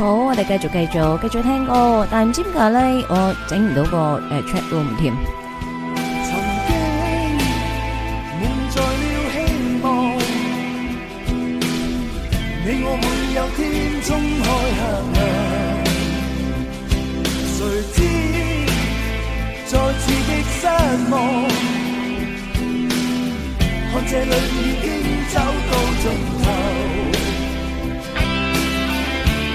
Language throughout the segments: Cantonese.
好，我哋繼續繼續繼續聽歌，但唔知點解咧，我整唔到個誒 track 都唔甜。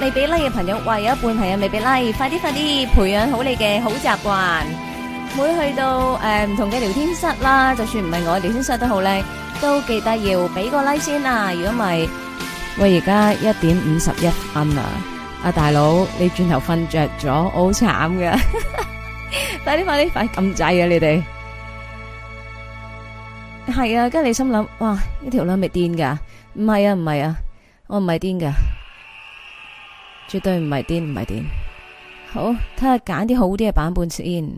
未俾 like 嘅朋友，話，有一半朋友未俾 like，快啲快啲培養好你嘅好習慣。每去到誒唔同嘅聊天室啦，就算唔係我聊天室都好咧，都記得要俾個 like 先啊。如果唔係，喂，而家一點五十一分啦，阿大佬你轉頭瞓着咗，好慘㗎，快啲快啲快撳掣啊！你哋係啊，跟住你心諗，哇，呢條女咪癲噶？唔係啊，唔係啊，我唔係癲噶。絕對唔係癲，唔係癲。好，睇下揀啲好啲嘅版本先。誒，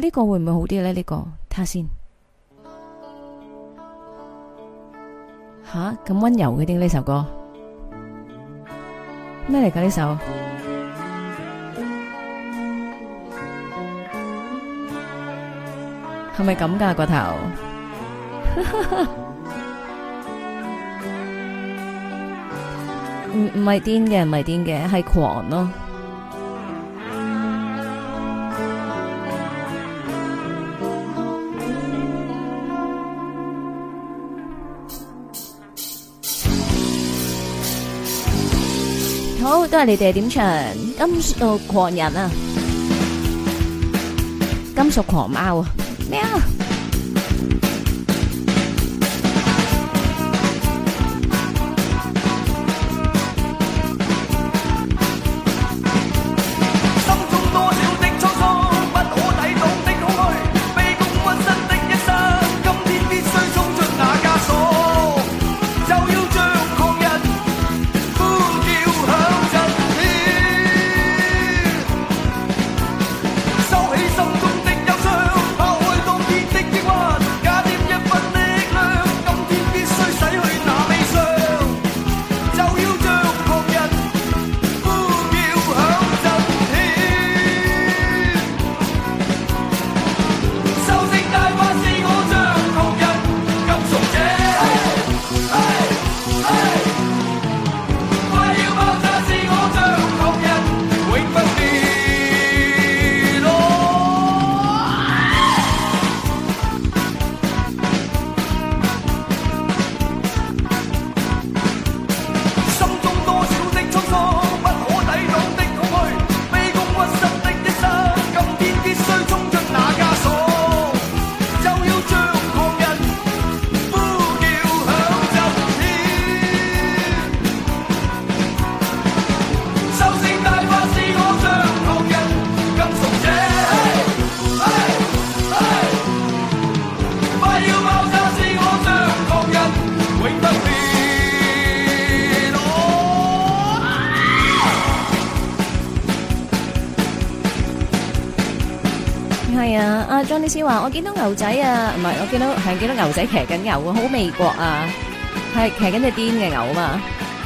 呢個會唔會好啲咧？呢個睇下先。吓，咁溫柔嘅點呢首歌？咩嚟？㗎呢首？係咪咁㗎個頭？唔唔係癲嘅，唔係癲嘅係狂咯。好，都係你哋點唱金屬狂人啊，金屬狂貓啊，咩啊？似話我見到牛仔啊，唔係我見到係見到牛仔騎緊牛啊，好美國啊，係騎緊隻癲嘅牛啊嘛，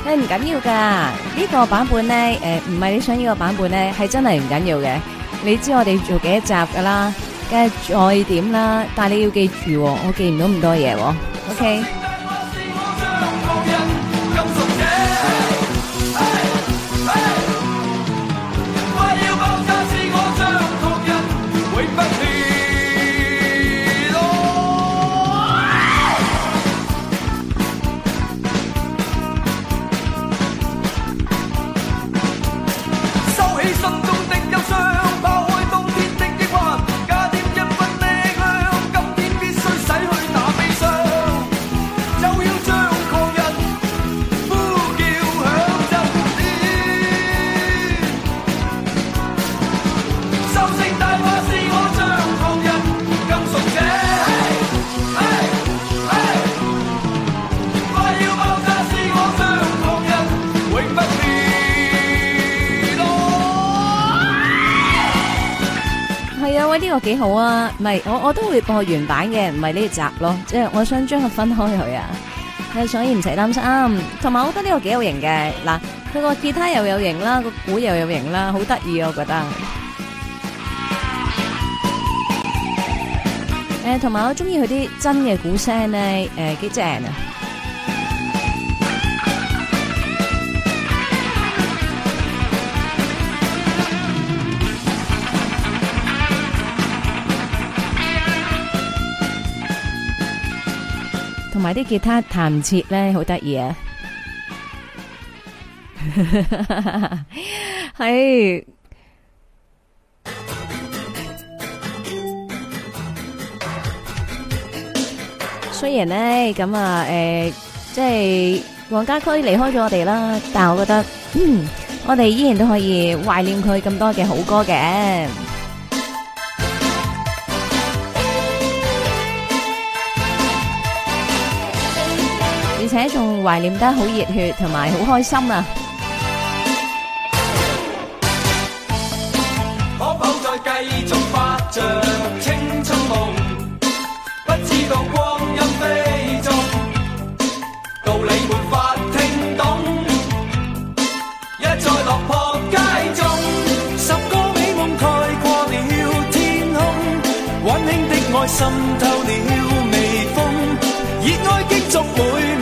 係唔緊要噶，呢個版本咧，誒唔係你想要呢個版本咧，係真係唔緊要嘅。你知我哋做幾多集噶啦，跟住再點啦，但係你要記住，我記唔到咁多嘢喎。OK。呢、這個幾好啊，唔係我我都會播原版嘅，唔係呢集咯，即、呃、係我想將佢分開佢啊，係、呃、所以唔使擔心。同埋我覺得呢個幾有型嘅，嗱佢個吉他又有型啦，個鼓又有型啦，好得意啊我覺得。誒、呃，同埋我中意佢啲真嘅鼓聲咧，誒幾正啊！埋啲吉他彈切咧，好得意啊！係，雖然咧咁啊，誒，即係黃家駒離開咗我哋啦，但係我覺得，我哋依然都可以懷念佢咁多嘅好歌嘅。且仲懷念得好熱血，同埋好開心啊！可否再繼續發著青春夢？不知道光陰飛縱，道理沒法聽懂，一再落泊街中。十個美夢蓋過了天空，溫馨的愛滲透了微風，熱愛激燭每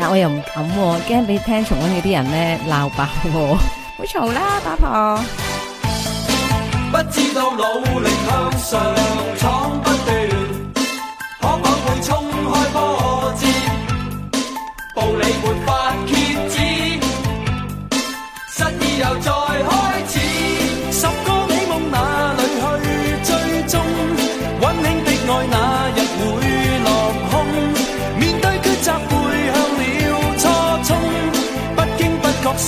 但我又唔敢、啊，驚俾聽重溫啲人咧鬧爆我、啊，好嘈啦，八婆，婆！不知道努力向上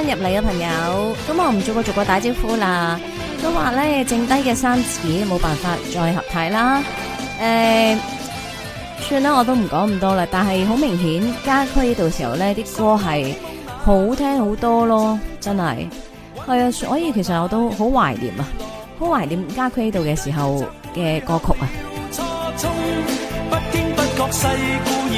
新入嚟嘅朋友，咁我唔做個逐個打招呼啦，都話咧剩低，嘅三子冇辦法再合體啦。誒、欸，算啦，我都唔講咁多啦。但係好明顯，家駒呢度時候咧啲歌係好聽好多咯，真係係啊！所以其實我都好懷念啊，好懷念家駒呢度嘅時候嘅歌曲啊。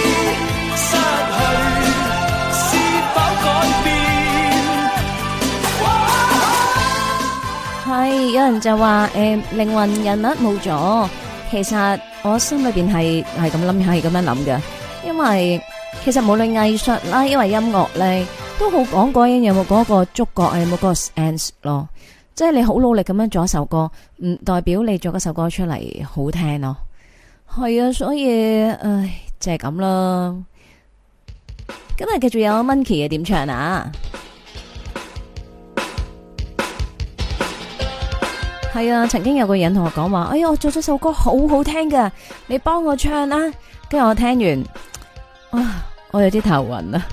有人就話誒，靈魂人物冇咗。其實我心裏邊係係咁諗，係咁樣諗嘅。因為其實無論藝術啦，因為音樂咧，都好講嗰樣有冇嗰個觸覺，有冇嗰個 sense 咯。即係你好努力咁樣做一首歌，唔代表你做一首歌出嚟好聽咯。係啊，所以唉，就係咁啦。今日繼續有 Monkey 嘅點唱啊！係啊，曾經有個人同我講話，哎呀，我做咗首歌好好聽㗎，你幫我唱啦，啊。跟住我聽完，啊，我有啲頭暈啊。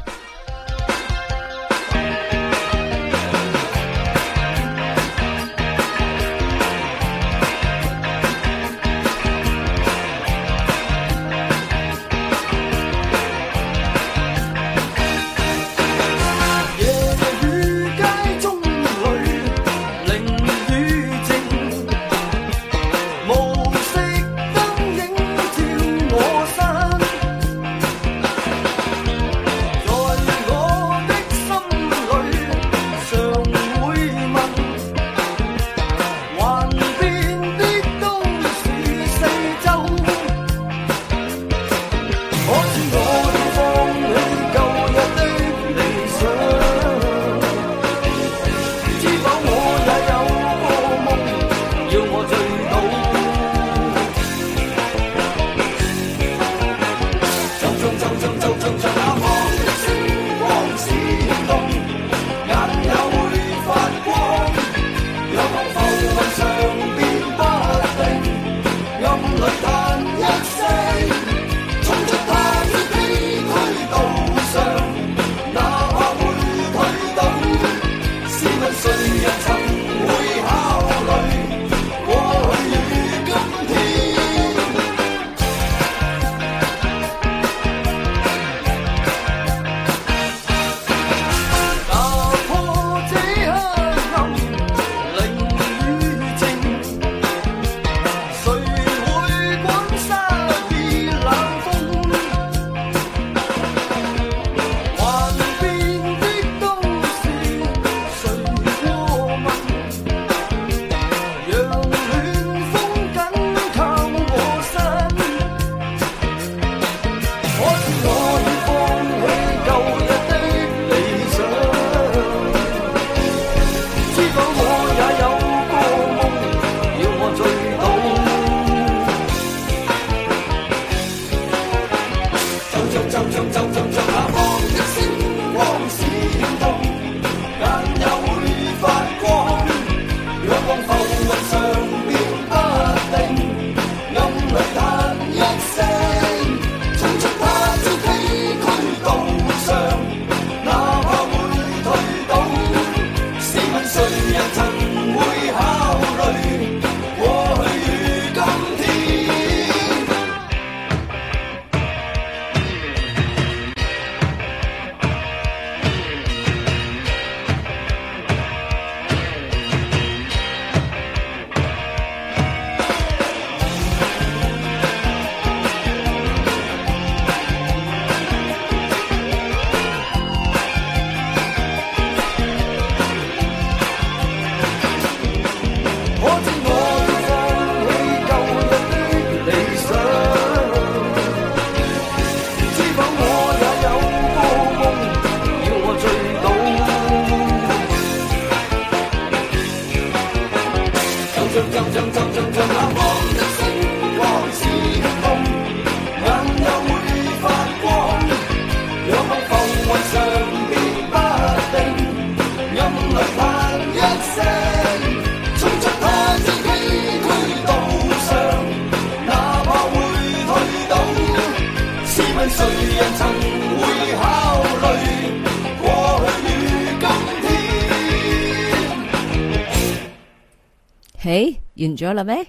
咗啦咩？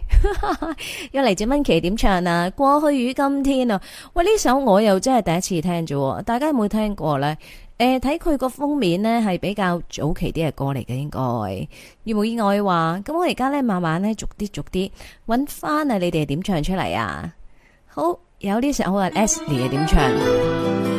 又嚟隻温琪點唱啊？過去與今天啊！喂，呢首我又真係第一次聽啫，大家有冇聽過呢？誒、呃，睇佢個封面呢，係比較早期啲嘅歌嚟嘅，應該如冇意外話？咁我而家呢慢慢呢逐啲逐啲揾翻啊！你哋點唱出嚟啊？好，有啲呢首啊，Sly 點唱？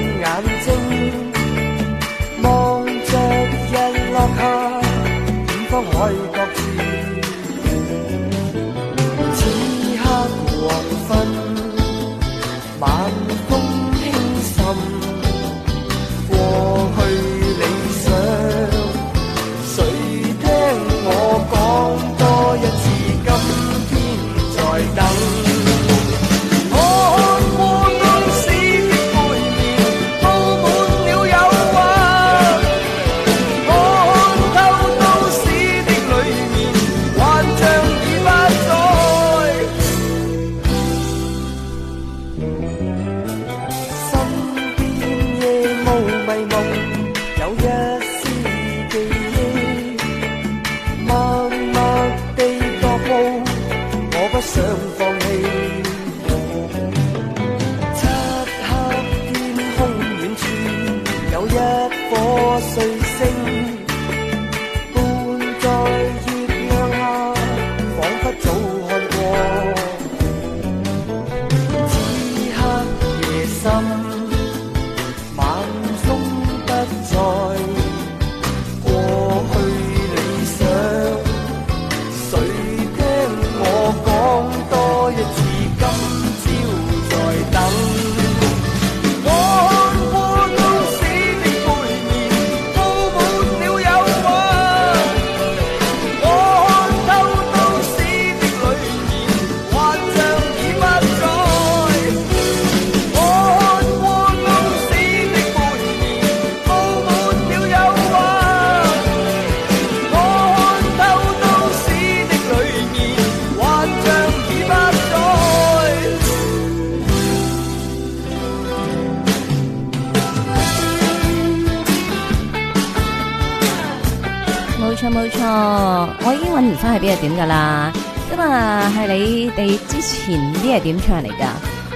冇錯，我已經搵唔翻係邊一點噶啦。咁啊，係你哋之前啲係點唱嚟噶？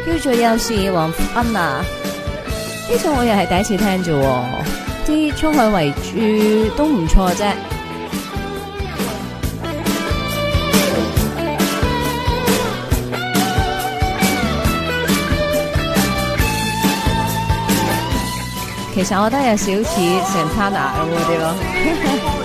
叫做有事黃芬啊！呢首我又係第一次聽啫，啲滄海遺珠都唔錯啫。其實我覺得有少似成灘牙咁嗰啲咯。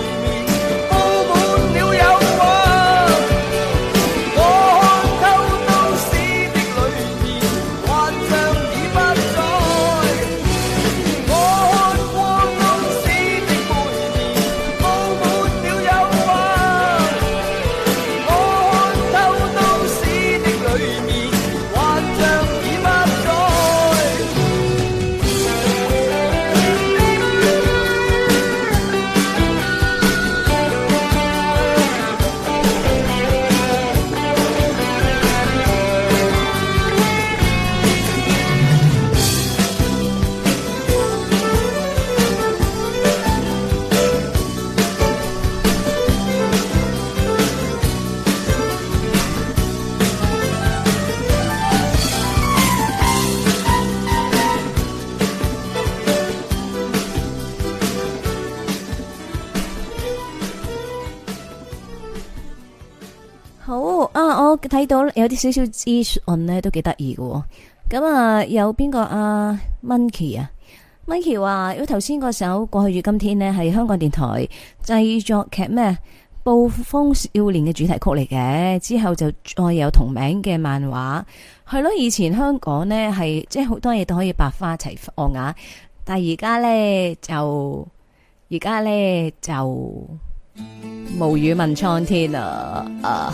佢睇到有啲少少資訊咧，都幾得意嘅。咁啊，有邊個啊 Minky 啊 Minky 話，如果頭先個首《過去與今天》呢，係香港電台製作劇咩《暴風少年》嘅主題曲嚟嘅，之後就再有同名嘅漫畫，係咯、啊。以前香港呢，係即係好多嘢都可以百花齊放雅、啊，但係而家呢，就，而家呢，就無語問蒼天啊啊！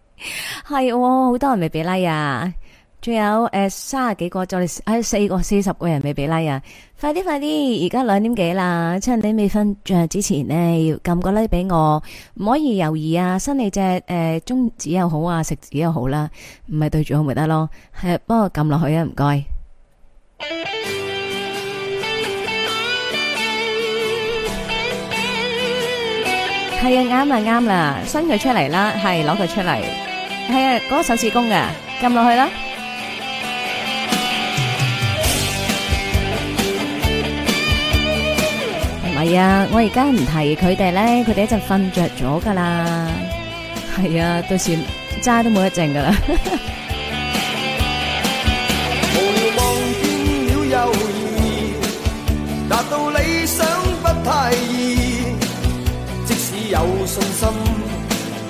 係、哦，好多人未俾拉呀。啊！仲有誒，卅幾個再嚟、哎，四個四十個人未俾拉呀。啊！快啲快啲，而家兩點幾啦，趁你未瞓着之前呢，要撳個 like 俾我，唔可以猶豫啊！伸你隻誒、欸、中指又好啊，食指又好啦，唔係對住我咪得咯。係，幫我撳落去 啊！唔該。係啊，啱啦，啱啦，伸佢出嚟啦，係攞佢出嚟。係啊，嗰個手指公嘅，撳落去啦。唔係啊，我而家唔提佢哋咧，佢哋一陣瞓着咗噶啦。係啊，到時渣都冇得剩噶啦。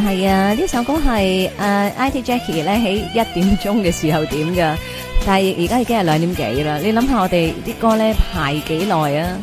係啊，呢首歌係誒、uh, IT Jackie 咧喺一點鐘嘅時候點㗎，但係而家已經係兩點幾啦。你諗下我哋啲歌咧排幾耐啊？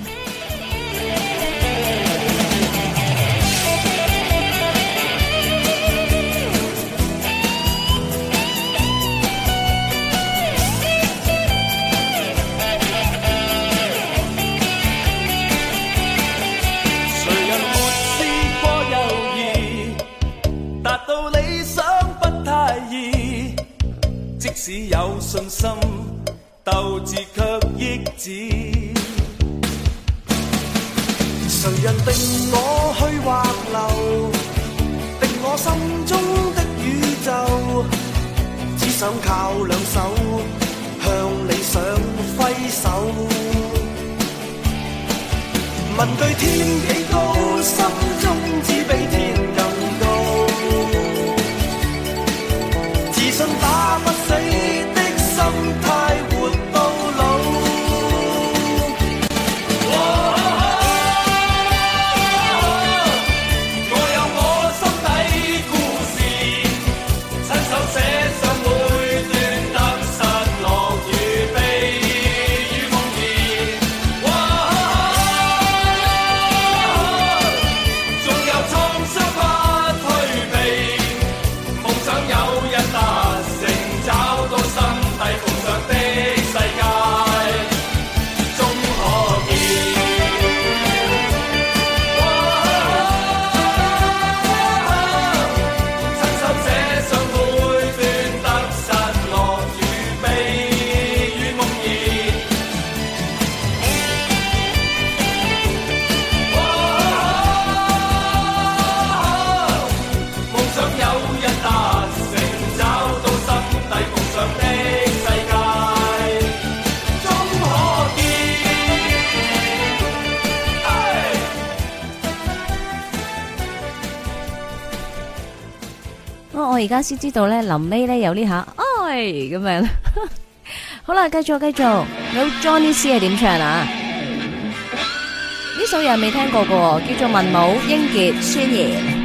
我而家先知道咧，臨尾咧有呢下，哎，咁樣啦。 好啦，繼續繼續 Johnny C 係點唱啊？呢 首嘢未聽過噶，叫做《文武英傑》宣言。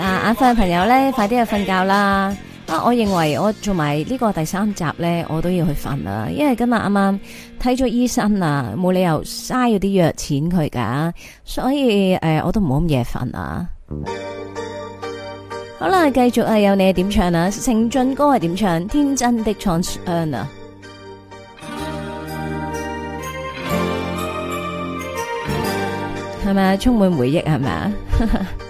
嗱，眼瞓嘅朋友咧， 快啲去瞓覺啦！啊，我認為我做埋呢個第三集咧，我都要去瞓啦，因為今日啱啱睇咗醫生啊，冇理由嘥咗啲藥錢佢噶，所以誒、啊，我都唔好咁夜瞓啊！好啦，繼續係有你點唱啦，程俊哥係點唱《天真的創傷》啊，係咪 充滿回憶係咪啊？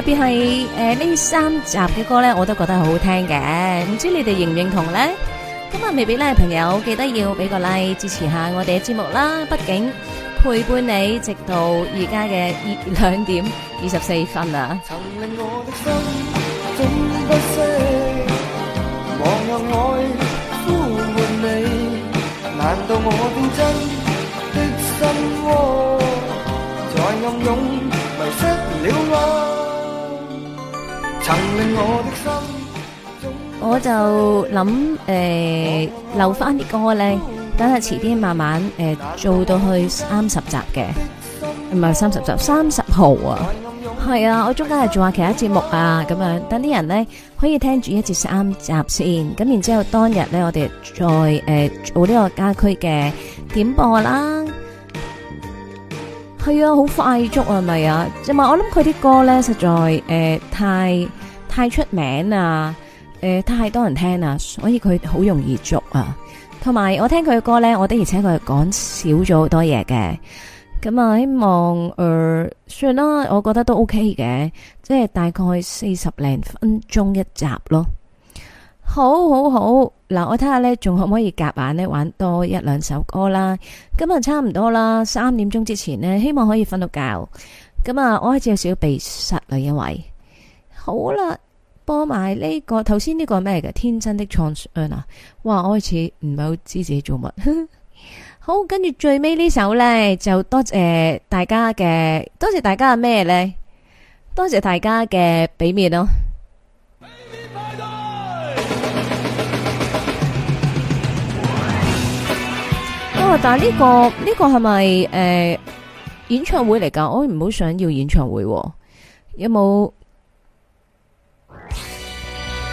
特別係誒呢三集嘅歌咧，我都覺得好好聽嘅，唔知你哋認唔認同咧？今、嗯、日未必咧，朋友記得要俾個 like 支持下我哋嘅節目啦！畢竟陪伴你直到而家嘅二兩點二十四分啊！曾令我的心總不息，忘卻愛呼喚你，難道我變真的心窩再暗湧迷失了我？我就諗誒留翻啲歌咧，等下遲啲慢慢誒做到去三十集嘅，唔係三十集三十號啊，係啊，我中間係做下其他節目啊咁樣，等啲人咧可以聽住一至三集先，咁然之後當日咧我哋再誒做呢個家駒嘅點播啦。係啊，好快速啊，係咪啊，就係我諗佢啲歌咧實在誒太。太出名啊、呃！太多人聽啊，所以佢好容易俗啊。同埋我聽佢嘅歌呢，我的而且佢係講少咗好多嘢嘅。咁啊，希望誒、呃，算啦，我覺得都 OK 嘅，即係大概四十零分鐘一集咯。好，好，好，好。嗱，我睇下呢，仲可唔可以夾硬呢？玩多一兩首歌啦？咁啊，差唔多啦，三點鐘之前呢，希望可以瞓到覺。咁啊，我開始有少少鼻塞啦，因為好啦。播埋呢，這個頭先呢個係咩嘅？天真的創作啊！哇，我開始唔係好知自己做乜。好，跟住最尾呢首呢，就多謝大家嘅多謝大家咩咧？多謝大家嘅俾面咯啊啊！俾面派對。這個，是不但係呢個呢個係咪誒演唱會嚟噶？我唔好想要演唱會，哦，有冇？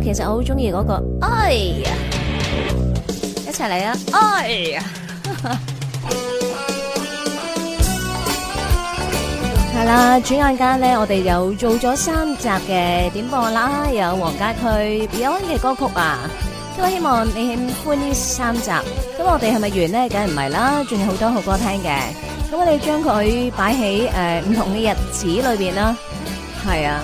其實我好中意嗰個，哎呀，一齊嚟啦，哎呀，係啦，轉眼間咧，我哋又做咗三集嘅點播啦，有黃家駒、Beyond 嘅歌曲啊，咁我希望你喜歡呢三集，咁我哋係咪完咧？梗係唔係啦，仲有好多好歌聽嘅，咁我哋將佢擺喺誒唔同嘅日子裏邊啦，係啊。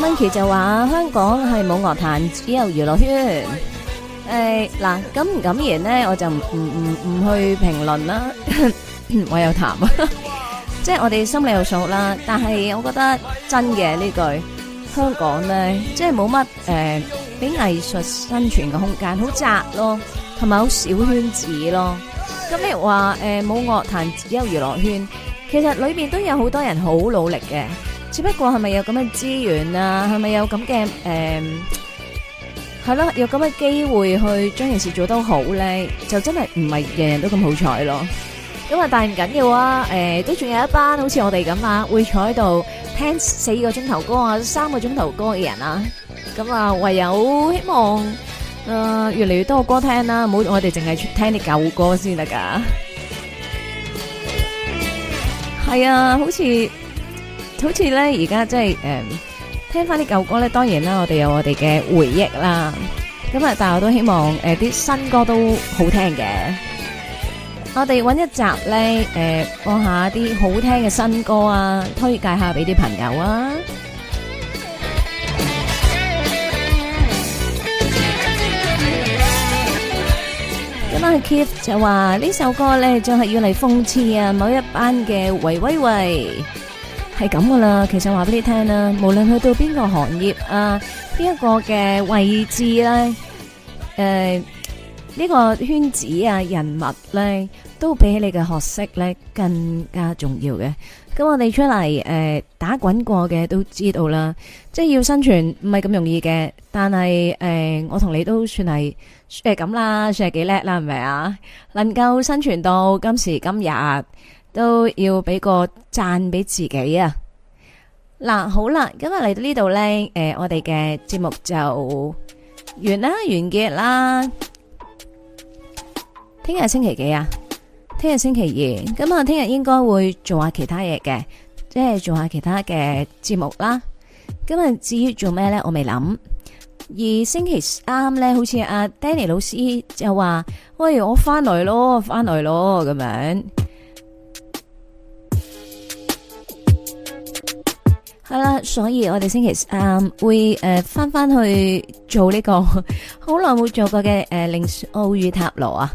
Monkey 就話香港係冇樂壇，只有娛樂圈。誒、哎，嗱咁咁而咧，我就唔唔唔去評論啦。 我有談談，即 係我哋心理有數啦。但係我覺得真嘅呢句，香港咧，即係冇乜誒，俾藝術生存嘅空間，好窄咯，同埋好小圈子咯。咁你話誒，冇樂壇，只有娛樂圈，其實裏面都有好多人好努力嘅。只不過係咪有咁嘅資源啊？係咪有咁嘅，誒，係咯，有咁嘅機會去將件事做得好咧？就真係唔係人人都咁好彩咯。咁啊，但係唔緊要啊，誒，都仲有一班好似我哋咁啊，會坐喺度聽四個鐘頭歌啊，三個鐘頭歌嘅人啊。咁啊，唯有希望誒，越嚟越多個歌聽啦，唔好我哋淨係聽啲舊歌先得噶。係啊，好似。好似咧，而家即係誒，聽翻啲舊歌咧，當然啦，我哋有我哋嘅回憶啦。咁啊，但係我都希望誒，啲新歌都好聽嘅。我哋揾一集咧，誒，播下啲好聽嘅新歌啊，推介下俾啲朋友啊。今晚嘅 Keith 就話呢首歌咧，就係要嚟諷刺啊，某一班嘅喂喂喂。係咁噶啦，其實話俾你聽啦，無論去到邊個行業啊，邊一個嘅位置咧，誒、呃、呢、這個圈子啊，人脈咧，都比起你嘅學識咧更加重要嘅。咁我哋出嚟誒、呃、打滾過嘅都知道啦，即係要生存唔係咁容易嘅。但係誒、呃、我同你都算係誒咁啦，算係幾叻啦，係咪啊？能夠生存到今時今日。都要俾個讚俾自己啊！嗱、啊，好啦，今日嚟到呢度呢，誒、呃，我哋嘅節目就完啦，完結啦。聽日星期幾啊？聽日星期二，咁啊，聽日應該會做下其他嘢嘅，即係做下其他嘅節目啦。今日至於做咩呢？我未諗。而星期三呢，好似阿 Danny 老師就話，喂，我翻來咯，翻來咯，咁樣。係啦，所以我哋星期三，嗯、會誒返返去做呢、這個好耐冇做過嘅誒靈奧語塔羅啊。